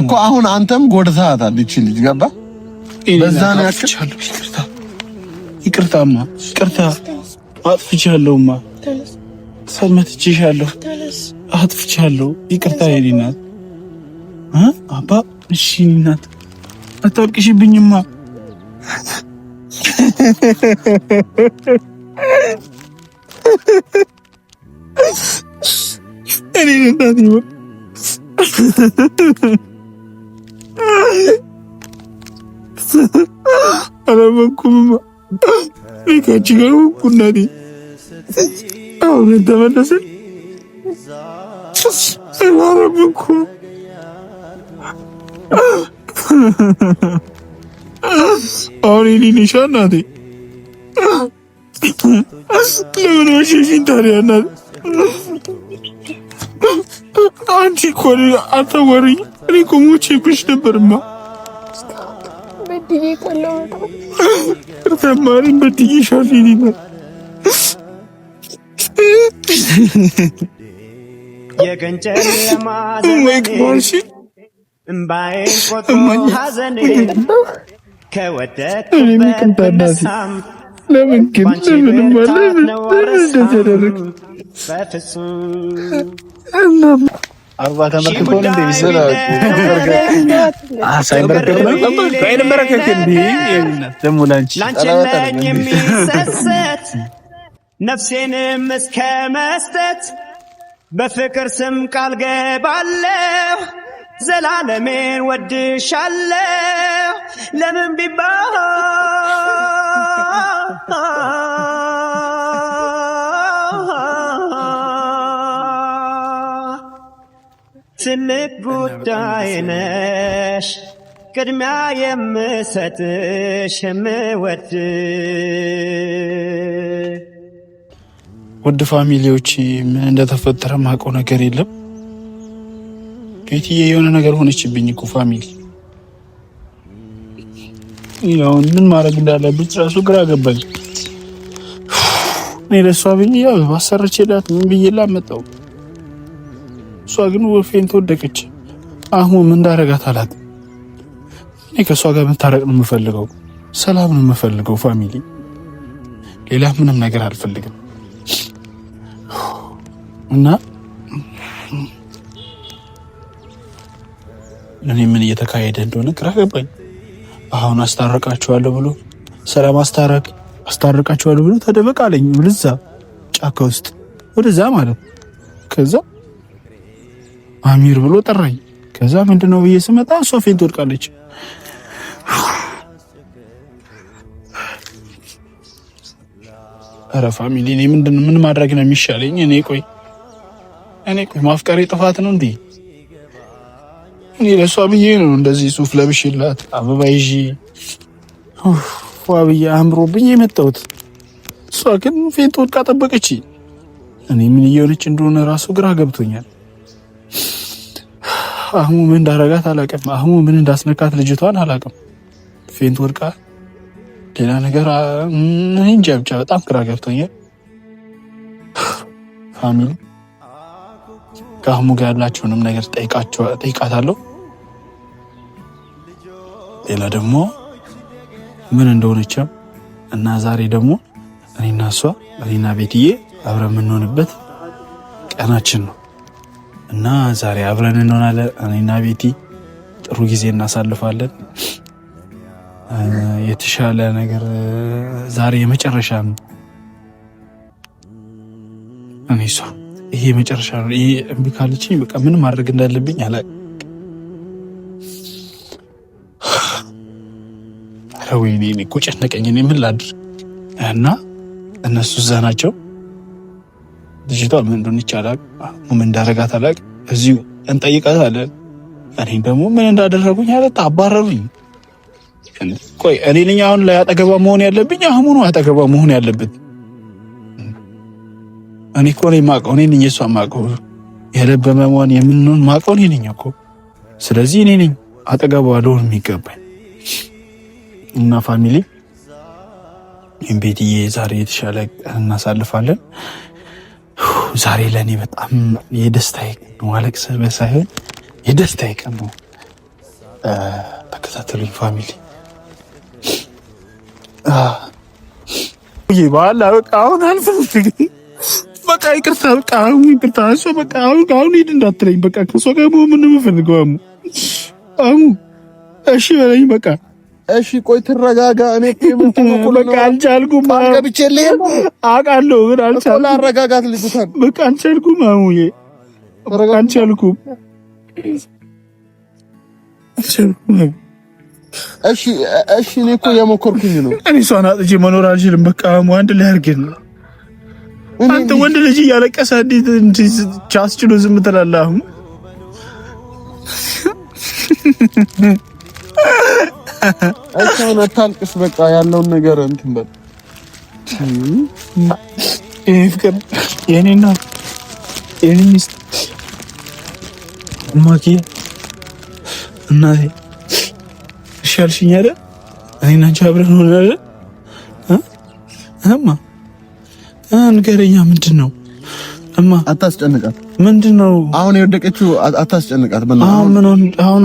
እኮ አሁን አንተም ጎድተሃታል። እቺ ልጅ ገባ በዛ ነው ያክቻለሁ። ይቅርታ ይቅርታማ፣ ይቅርታ አጥፍቻለሁማ፣ ሰመትቼሻለሁ አጥፍቻለሁ። ይቅርታ የኔ አባ። እሺ የኔ ናት አታልቅሽብኝማ። እኔ ናት arabakuruma reka nshigara mukunari abagenda banaze arabakuruma আর ইনি নিশান না দি না না শিশি দাঁড়িয়ে না አንቺ እኮ አታወሪኝ። እኔ እኮ ሞቼ ነበርማ። በድዬ ካለው ተማሪ በድዬ ሻፊኒ ነው። ለምን ግን ለምን ማለት ለምን አርባ ተመርክቶ የሚሰሰት ነፍሴንም እስከ መስጠት በፍቅር ስም ቃል ገባለሁ። ዘላለሜን ወድሻለሁ ለምን ቢባል ትልቅ ዳይነሽ ቅድሚያ የምሰጥሽ የምወድ ውድ ፋሚሊዎች፣ ምን እንደተፈጠረ ማውቀው ነገር የለም። ቤትዬ የሆነ ነገር ሆነችብኝ እኮ ፋሚሊ። ያው ምን ማድረግ እንዳለብኝ ራሱ ግራ ገባኝ። እኔ ለእሷ ብዬ ያው ባሰረችላት ምን እሷ ግን ወፌን ተወደቀች። አህሙ ምን እንዳረጋት አላት እኔ ከእሷ ጋር መታረቅ ነው የምፈልገው፣ ሰላም ነው የምፈልገው፣ ፋሚሊ ሌላ ምንም ነገር አልፈልግም። እና እኔ ምን እየተካሄደ እንደሆነ ግራ ገባኝ። አሁን አስታረቃችኋለሁ ብሎ ሰላም አስታረቅ አስታረቃችኋለሁ ብሎ ተደበቃለኝ። ወደዛ ጫካ ውስጥ ወደዛ ማለት ከዛ አሚር ብሎ ጠራኝ። ከዛ ምንድነው ብዬ ስመጣ እሷ ፌንት ወድቃለች። ኧረ ፋሚሊ እኔ ምንድን ምን ማድረግ ነው የሚሻለኝ? እኔ ቆይ እኔ ቆይ ማፍቀሬ ጥፋት ነው እንዴ? እኔ ለእሷ ብዬ ነው እንደዚህ ሱፍ ለብሽላት አበባ ይዤ አምሮ ብዬ አምሮብኝ የመጣሁት እሷ ግን ፌንት ወድቃ ጠበቀች። እኔ ምን እየሆነች እንደሆነ ራሱ ግራ ገብቶኛል። አህሙ ምን እንዳረጋት አላውቅም። አህሙ ምን እንዳስነካት ልጅቷን አላቅም? ፌንት ወድቃ ሌላ ነገር እንጃ፣ ብቻ በጣም ግራ ገብቶኛል። ፋሚሊ ከአህሙ ጋር ያላቸውንም ነገር ጠይቃታለሁ። ሌላ ደግሞ ምን እንደሆነችም እና ዛሬ ደግሞ እኔና እሷ እኔና ቤትዬ አብረ የምንሆንበት ቀናችን ነው። እና ዛሬ አብረን እንሆናለን። እኔና ቤቲ ጥሩ ጊዜ እናሳልፋለን። የተሻለ ነገር ዛሬ የመጨረሻ ነው። እኔ እሷ ይሄ የመጨረሻ ነው። ይሄ እምቢ ካለችኝ በቃ ምን ማድረግ እንዳለብኝ አላውቅም። ወይኔ ቁጭት ነቀኝ ምን ላድርግ እና እነሱ እዛ ናቸው ዲጂታል ምን እንደሆነ ይቻላል ምን እንዳረጋት አላውቅም። እዚሁ እንጠይቃታለን። እኔም ደግሞ ምን እንዳደረጉኝ አለት አባረሩኝ። ቆይ እኔ ነኝ አሁን ላይ አጠገቧ መሆን ያለብኝ? አህሙ ነው አጠገቧ መሆን ያለበት። እኔ እኮ ነኝ የማውቀው፣ እኔ ነኝ እሷ የማውቀው፣ የልብ መሆን የምንሆን የማውቀው እኔ ነኝ እኮ። ስለዚህ እኔ ነኝ አጠገቧ ልሆን የሚገባኝ እና ፋሚሊ ቤትዬ ዛሬ የተሻለ እናሳልፋለን። ዛሬ ለእኔ በጣም የደስታ ቀን ነው። አለቅስ ሳይሆን የደስታዬ ቀን ነው። ተከታተሉኝ ፋሚሊ በኋላ በቃ አሁን አልፈልግ በቃ ይቅርታ፣ በቃ አሁን ይቅርታ። እሷ በቃ አሁን አሁን ሂድ እንዳትለኝ በቃ ከእሷ ጋር ምንም ፈልገው አሙ አሙ እሺ በለኝ በቃ እሺ ቆይ ትረጋጋ። እኔ በቃ አልቻልኩም። አልገብቼልህም አውቃለሁ፣ ግን አልቻልኩም። ላረጋጋት ልጅቷን በቃ አልቻልኩም። አሙዬ በቃ አልቻልኩም። እሺ እሺ፣ እኔ እኮ የሞከርኩኝ ነው። እኔ እሷን አጥቼ መኖር አልችልም። በቃ አሙ አንድ ላይ አድርገን ነው። አንተ ወንድ ልጅ እያለቀሰ እንዴት ቻስ ችሎ ዝም ትላለህ? አሁን እሷን አታልቅስ። በቃ ያለውን ነገር እንትን በል። ይሄ ፍቅር የኔና የኔ ሚስት ማኪ አይደል? እኔና አንቺ አብረን አይደል? እማ ንገረኛ፣ ምንድን ነው እማ? አታስጨንቃት። ምንድን ነው አሁን የወደቀችው? አታስጨንቃት። አሁን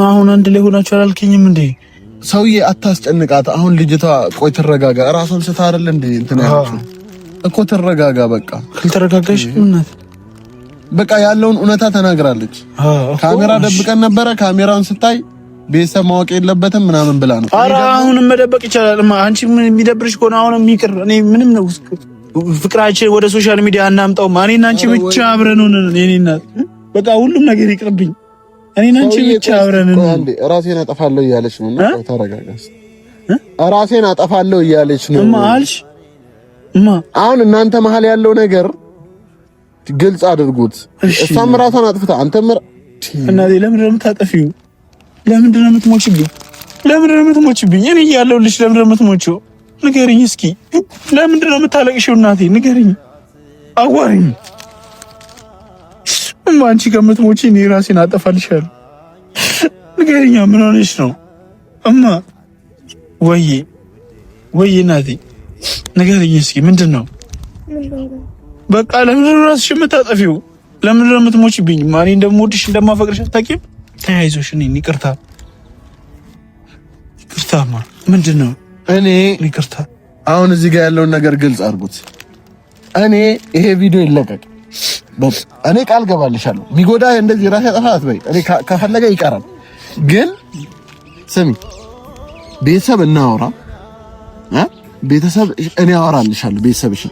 አሁን አንድ ላይ ሆናችሁ አላልከኝም እንዴ? ሰውዬ አታስጨንቃት። አሁን ልጅቷ ቆይ ትረጋጋ። እራሷን ስታ አይደል እንዴ እንትን ያለችው እኮ ትረጋጋ። በቃ ካልተረጋጋሽ እናት በቃ ያለውን እውነታ ተናግራለች። ካሜራ ደብቀን ነበረ። ካሜራውን ስታይ ቤተሰብ ማወቅ የለበትም ምናምን ብላ ነው። ኧረ አሁንም መደበቅ ይቻላል። አንቺ ምን የሚደብርሽ ከሆነ አሁንም ይቅር። እኔ ምንም ነው ፍቅራችን ወደ ሶሻል ሚዲያ እናምጣው። እኔና አንቺ ብቻ አብረን ሆነን እኔና በቃ ሁሉም ነገር ይቅርብኝ። እኔን አንቺ ብቻ አብረን እንዴ ራሴን አጠፋለሁ እያለች ነው። ተረጋጋስ። ራሴን አጠፋለሁ እያለች ነው እማ አልሽ። እማ አሁን እናንተ መሀል ያለው ነገር ግልጽ አድርጉት። እሷም ራሷን አጥፍታ አንተ አንተም እና ለምንድን ነው የምታጠፊው? ለምንድን ነው የምትሞችብኝ? ለምንድን ነው የምትሞችብኝ? እኔ እያለሁልሽ ለምንድን ነው የምትሞችው? ንገሪኝ እስኪ። ለምንድን ነው የምታለቅሽው? እናቴ ንገሪኝ፣ አዋሪኝ አንቺ ከምትሞቺ እኔ ራሴን አጠፋልሻለሁ። ንገሪኛ፣ ምን ሆነሽ ነው እማ? ወይ ወይ፣ እናቴ ንገሪኝ እስኪ ምንድን ነው? በቃ ለምንድን ነው ራስሽ የምታጠፊው? ለምንድን ነው የምትሞቺብኝ? እኔ እንደምወድሽ እንደማፈቅርሽ አታውቂም። ተያይዞሽ እኔን ይቅርታ፣ ይቅርታማ ምንድን ነው እኔ ይቅርታ። አሁን እዚህ ጋር ያለውን ነገር ግልጽ አድርጉት። እኔ ይሄ ቪዲዮ ይለቀቅ እኔ ቃል ገባልሻለሁ። ሚጎዳ እንደዚህ ራሴ ያጠፋል አትበይ። እኔ ከፈለገ ይቀራል፣ ግን ስሚ፣ ቤተሰብ እናወራ ቤተሰብ እኔ አወራልሻለሁ። ቤተሰብሽን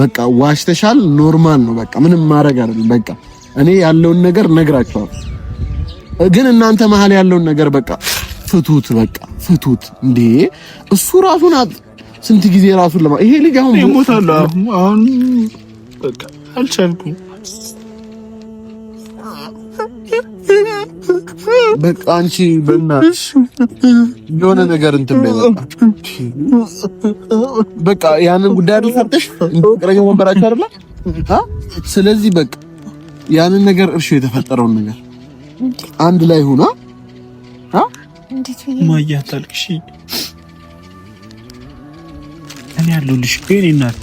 በቃ ዋሽተሻል፣ ኖርማል ነው። በቃ ምንም ማድረግ አይደለም። በቃ እኔ ያለውን ነገር ነግራችኋለሁ፣ ግን እናንተ መሀል ያለውን ነገር በቃ ፍቱት፣ በቃ ፍቱት። እንዴ እሱ ራሱን ስንት ጊዜ ራሱን ለማ ይሄ ልጅ አሁን ይሞታል። አሁን በቃ አልቻልኩም። በቃ አንቺ በእናትሽ የሆነ ነገር እንትን ላይ በቃ ያንን ጉዳይ አይደል ፈርተሽ ፍቅረኛ ወንበራችሁ አይደለ? ስለዚህ በቃ ያንን ነገር እርሾ የተፈጠረውን ነገር አንድ ላይ ሆና ማያታልቅሽ እኔ ያለሁልሽ፣ እኔ እናት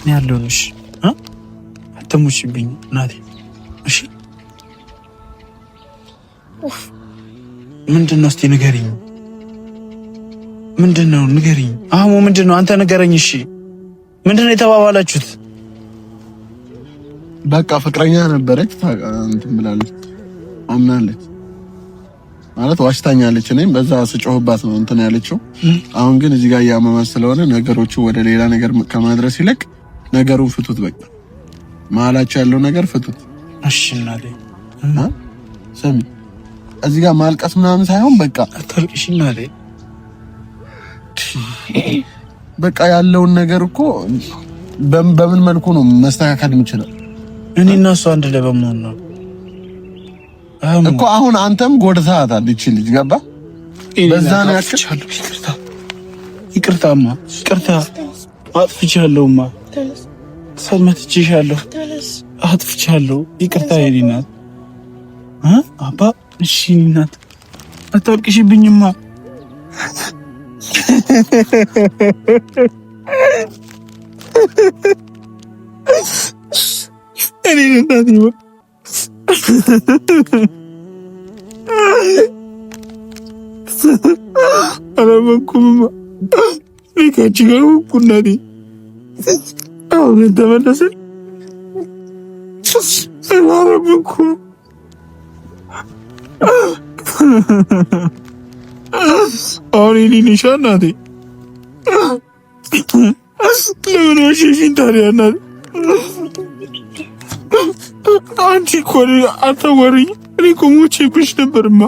እኔ ያለሁልሽ አትሙሽብኝ እናቴ። እሺ ምንድን ነው? እስቲ ንገሪኝ። ምንድን ነው? ንገሪኝ አህሙ፣ ምንድን ነው? አንተ ንገረኝ። እሺ ምንድን ነው የተባባላችሁት? በቃ ፍቅረኛ ነበረች እንትን ብላለች፣ አምናለች ማለት ዋሽታኛለች። እኔም በዛ ስጮህባት ነው እንትን ያለችው። አሁን ግን እዚህ ጋር እያመመት ስለሆነ ነገሮቹ ወደ ሌላ ነገር ከማድረስ ይልቅ ነገሩን ፍቱት በቃ። መሀላቸው ያለው ነገር ፍቱት። እሺ እናቴ ስሚ፣ እዚህ ጋር ማልቀስ ምናምን ሳይሆን በቃ አታልቅሽ እናቴ። በቃ ያለውን ነገር እኮ በምን መልኩ ነው መስተካከል የምችለው? እኔ እና እሱ አንድ ላይ በመሆን ነው እኮ። አሁን አንተም ጎድተሃታል። ይቺ ልጅ ገባ በዛ ነው ያልኩት። ይቅርታማ ይቅርታ አጥፍቻለሁማ ሰመትቼሻለሁ፣ አጥፍቻለሁ፣ ይቅርታ የኔ አባ እሺ የኔ ናት፣ አታልቅሽብኝማ። እኔ ናት ይወቅ አላመንኩምማ። እኔ ካንቺ ጋር እናቴ አሁን ተመለሰ አረብኩ አሁን ሊንሻ እናቴ ለምን ወሸሽኝ ታዲያ እናቴ? አንቺ እኮ አታዋሪኝ። እኔ እኮ ሞቼብሽ ነበርማ።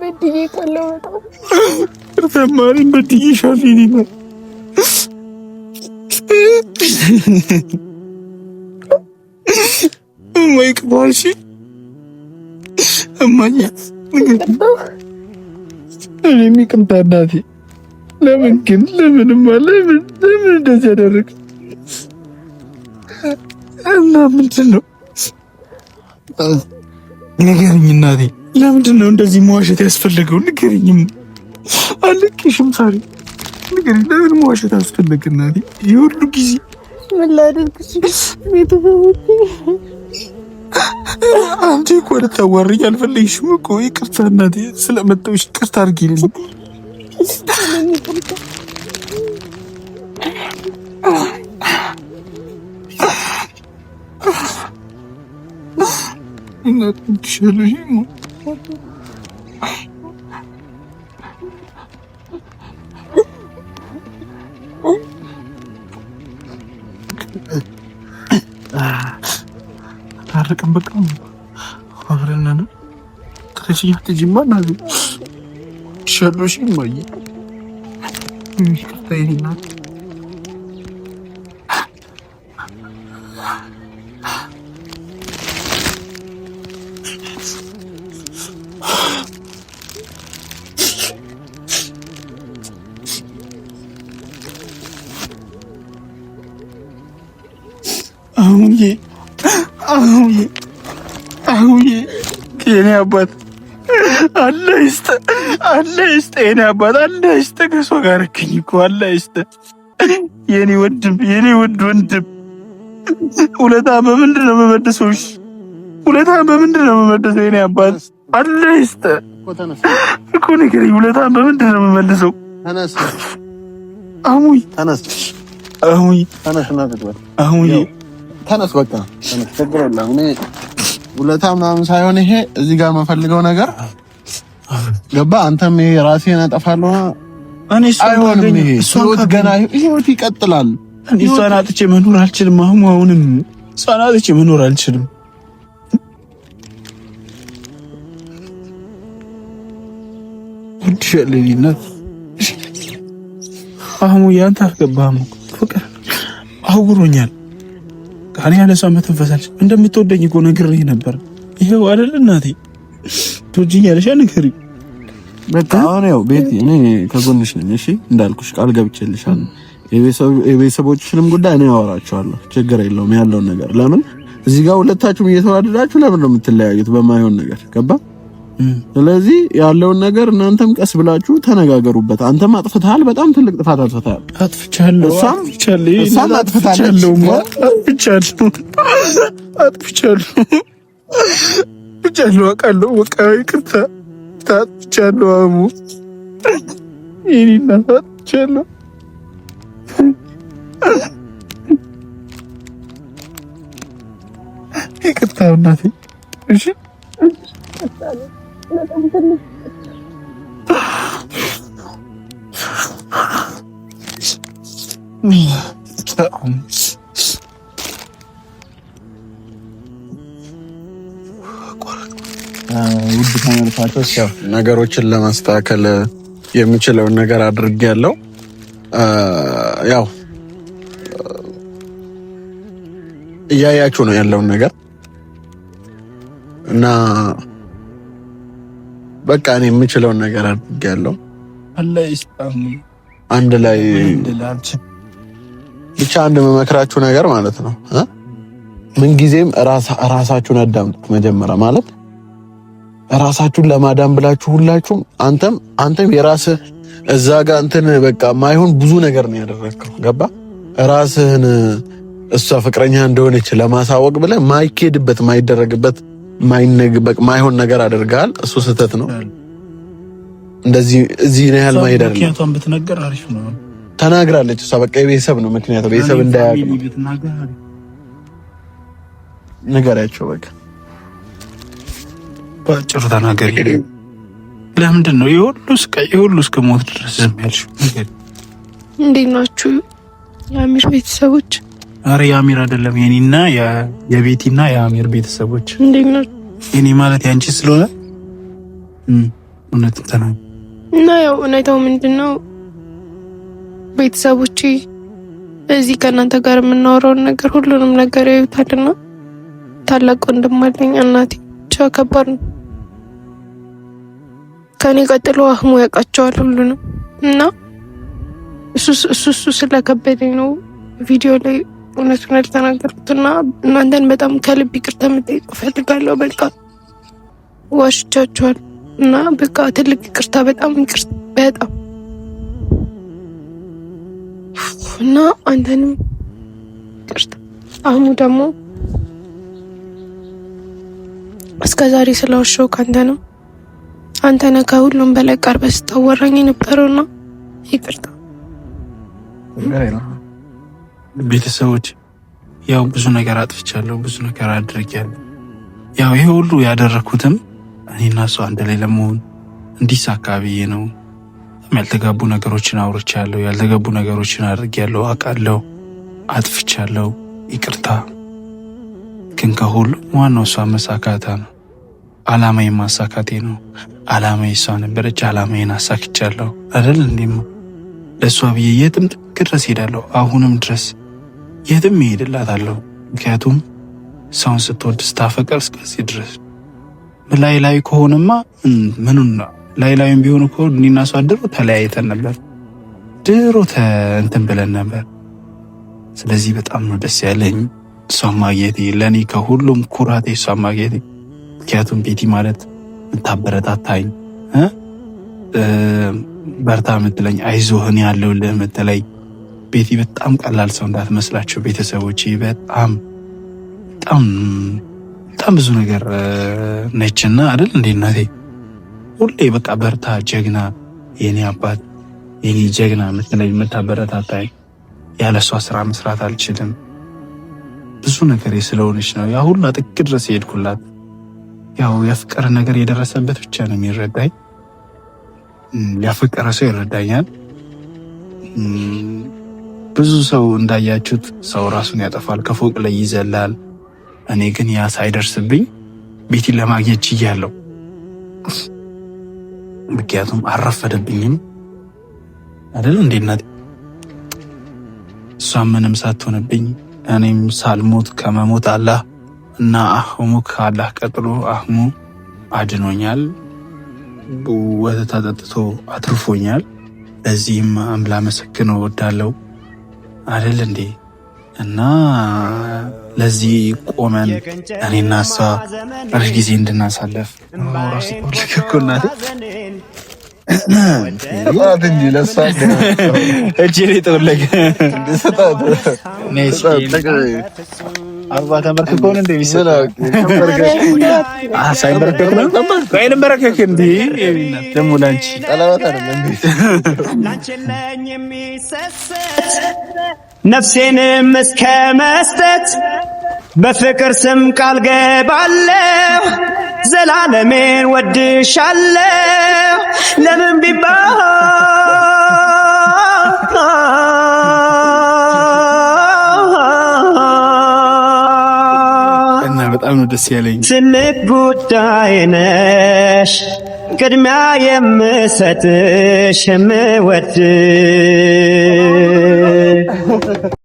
በድዬ ካለው በጣም ተማሪም በድዬሻል እማዬ ቅባሽ እማዬ እኔም እናቴ። ለምን ግን ለምንማ ለምን ለምን እንደዚህ ያደረግ እና ምንድን ነው ንገርኝ እናቴ። ለምንድን ነው እንደዚህ መዋሸት ያስፈልገው ንገርኝም አልቅሽም ሳሪ ነገር ለምን መዋሸት አስፈለገ? እናቴ የሁሉ ጊዜ ምን ላደርግ? አንቺ እኮ ልታዋሪኝ አልፈለግሽም እኮ። ይቅርታ እናቴ ስለመጣሁሽ ይቅርታ አድርጊልኝ። እናቴ ታረቅን በቃ አብረን ነው ትጅማ ና ሸሎሽ ይማየ ሚቅርታ አሁዬ አሁዬ አሁዬ የኔ አባት አለ ይስጥ አለ ይስጥ የኔ አባት አለ ይስጥ። ከሷ ጋር እከኝ እኮ አለ ይስጥ የኔ ወንድም የኔ ውድ ወንድም። ሁለታ በምንድን ነው መመደሰው? እሺ በምንድን ነው መመደሰው? የኔ አባት አለ ይስጥ እኮ ነገር ውለታ በምንድን ነው መመልሰው? አሙይ ተነስ አሙይ ተነስ ተነስ በቃ ችግር የለም። ውለታ ምናምን ሳይሆን ይሄ እዚህ ጋር የምፈልገው ነገር ገባ። አንተም ይሄ ራሴን አጠፋለሁ አይሆንም። ይሄ ህይወት ገና ህይወት ይቀጥላል። እሷን አጥቼ መኖር አልችልም። አሁን አሁንም እሷን አጥቼ መኖር አልችልም። አህሙ ያንተ አልገባህም። ፍቅር ያለ ያለሷ መተንፈሳለች። እንደምትወደኝ እኮ ነግሬህ ነበር። ይሄው አይደል እናቴ ቶጂ ያለሽ ነገር በቃ አሁን ያው ቤቲ እኔ ከጎንሽ ነኝ። እሺ እንዳልኩሽ ቃል ገብቼልሻለሁ። የቤተሰቦችሽንም ጉዳይ እኔ አወራቸዋለሁ። ችግር የለውም ያለውን ነገር ለምን እዚህ ጋር ሁለታችሁም እየተዋደዳችሁ ለምን ነው የምትለያዩት? በማይሆን ነገር ገባ ስለዚህ ያለውን ነገር እናንተም ቀስ ብላችሁ ተነጋገሩበት። አንተም አጥፍተሃል፣ በጣም ትልቅ ጥፋት አጥፍተሃል። አጥፍቻለሁ፣ ይቅርታ፣ ይቅርታ እናቴ እሺ ውድ ተመልካቾች ያው ነገሮችን ለማስተካከል የምችለውን ነገር አድርጌያለሁ። ያው እያያችሁ ነው ያለውን ነገር እና በቃ እኔ የምችለውን ነገር አድርጌያለሁ። አንድ ላይ ብቻ አንድ መመክራችሁ ነገር ማለት ነው ምንጊዜም ራሳችሁን አዳምጡት። መጀመሪያ ማለት ራሳችሁን ለማዳም ብላችሁ ሁላችሁም አንተም አንተም የራስህ እዛ ጋር እንትን በቃ ማይሆን ብዙ ነገር ነው ያደረግከው። ገባ ራስህን እሷ ፍቅረኛ እንደሆነች ለማሳወቅ ብለህ ማይኬድበት ማይደረግበት ማይሆን ነገር አድርገሃል። እሱ ስህተት ነው። እንደዚህ እዚህ ነው ያህል ማሄድ አይደለም። ምክንያቱም ብትነገር አሪፍ ነው። ተናግራለች እሷ በቃ የቤተሰብ ነው ምክንያቱ ቤተሰብ እንዳያውቅ ንገሪያቸው። በቃ በአጭሩ ተናገሪ። ለምንድን ነው የሁሉ እስከ የሁሉ እስከ ሞት ድረስ ዝም ያልሽው? እንዴት ናችሁ የአሚር ቤተሰቦች? አረ የአሚር አይደለም የኔና የቤቲና የአሚር ቤተሰቦች እንዴት ነው? የኔ ማለት ያንቺ ስለሆነ እውነት እንተና እና ያው እውነታው ምንድነው ቤተሰቦቼ እዚህ ከእናንተ ጋር የምናወራውን ነገር ሁሉንም ነገር ያዩታልና ታላቅ ወንድም አለኝ እናቴ ብቻ ከባድ ነው። ከኔ ቀጥሎ አህሙ ያውቃቸዋል ሁሉንም እና እሱ እሱ ስለከበደኝ ነው ቪዲዮ ላይ እውነቱን ያልተናገርኩትና እናንተን በጣም ከልብ ይቅርታ መጠየቅ ፈልጋለሁ። በቃ ዋሽቻችኋል እና በቃ ትልቅ ይቅርታ፣ በጣም ይቅርታ፣ በጣም እና አንተንም ይቅርታ። አሁኑ ደግሞ እስከ ዛሬ ስለዋሸው ከአንተ ነው አንተ ነህ ከሁሉም በላይ ቀርበህ ስታወራኝ የነበረውና ይቅርታ ቤተሰቦች ያው ብዙ ነገር አጥፍቻለሁ፣ ብዙ ነገር አድርጌያለሁ። ያው ይሄ ሁሉ ያደረግኩትም እኔና እሷ አንድ ላይ ለመሆን እንዲሳካ ብዬ ነው። ያልተጋቡ ነገሮችን አውርቻለሁ፣ ያልተገቡ ነገሮችን አድርጌያለሁ። አውቃለሁ፣ አጥፍቻለሁ፣ ይቅርታ። ግን ከሁሉ ዋናው እሷ መሳካታ ነው። አላማዬ ማሳካቴ ነው። አላማዬ እሷ ነበረች። አላማዬን አሳክቻለሁ አይደል? እንዴማ ለእሷ ብዬ የትም ጥግ ድረስ ሄዳለሁ፣ አሁንም ድረስ የትም እሄድላታለሁ። ምክንያቱም ሰውን ስትወድ ስታፈቀር እስከዚህ ድረስ ላይ ላይ ከሆነማ ምኑና ላይ ላይም ቢሆን እኮ እኔና እሷ ድሮ ተለያይተን ነበር። ድሮ እንትን ብለን ነበር። ስለዚህ በጣም ነው ደስ ያለኝ እሷን ማግኘቴ። ለእኔ ከሁሉም ኩራቴ እሷን ማግኘቴ። ምክንያቱም ቤቲ ማለት ምታበረታታኝ በርታ ምትለኝ፣ አይዞህን እኔ ያለሁልህ ቤቲ በጣም ቀላል ሰው እንዳትመስላችሁ ቤተሰቦች። በጣም በጣም በጣም ብዙ ነገር ነችና አይደል እንዴ እናቴ። ሁሌ በቃ በርታ፣ ጀግና፣ የኔ አባት፣ የኔ ጀግና ምትለኝ የምታበረታታኝ፣ ያለ እሷ ስራ መስራት አልችልም ብዙ ነገር ስለሆነች ነው ያ ሁላ ጥግ ድረስ የሄድኩላት። ያው የፍቅር ነገር የደረሰበት ብቻ ነው የሚረዳኝ፣ ያፈቀረ ሰው ይረዳኛል። ብዙ ሰው እንዳያችሁት ሰው ራሱን ያጠፋል፣ ከፎቅ ላይ ይዘላል። እኔ ግን ያ ሳይደርስብኝ ቤቴን ለማግኘት ችያለሁ። ምክንያቱም አረፈደብኝም አይደል እንዴ እናቴ። እሷም ምንም ሳትሆንብኝ እኔም ሳልሞት ከመሞት አላህ እና አህሙ ከአላህ ቀጥሎ አህሙ አድኖኛል፣ ወተት አጠጥቶ አትርፎኛል። በዚህም አምላ መሰግነው እወዳለሁ። አደል እንዴ? እና ለዚህ ቆመን እኔና እሷ አሪፍ ጊዜ እንድናሳለፍ ራስ ልክኮናት እጅ አባ ተንበርክኮ እንደ ሳይንበረከክ ነው ነፍሴንም እስከ መስጠት በፍቅር ስም ቃል ገባለሁ፣ ዘላለሜን ወድሻለሁ ለምን ቢባል በጣም ነው ደስ ያለኝ። ስሜት ጉዳይ ነሽ ቅድሚያ የምሰጥሽ የምወድ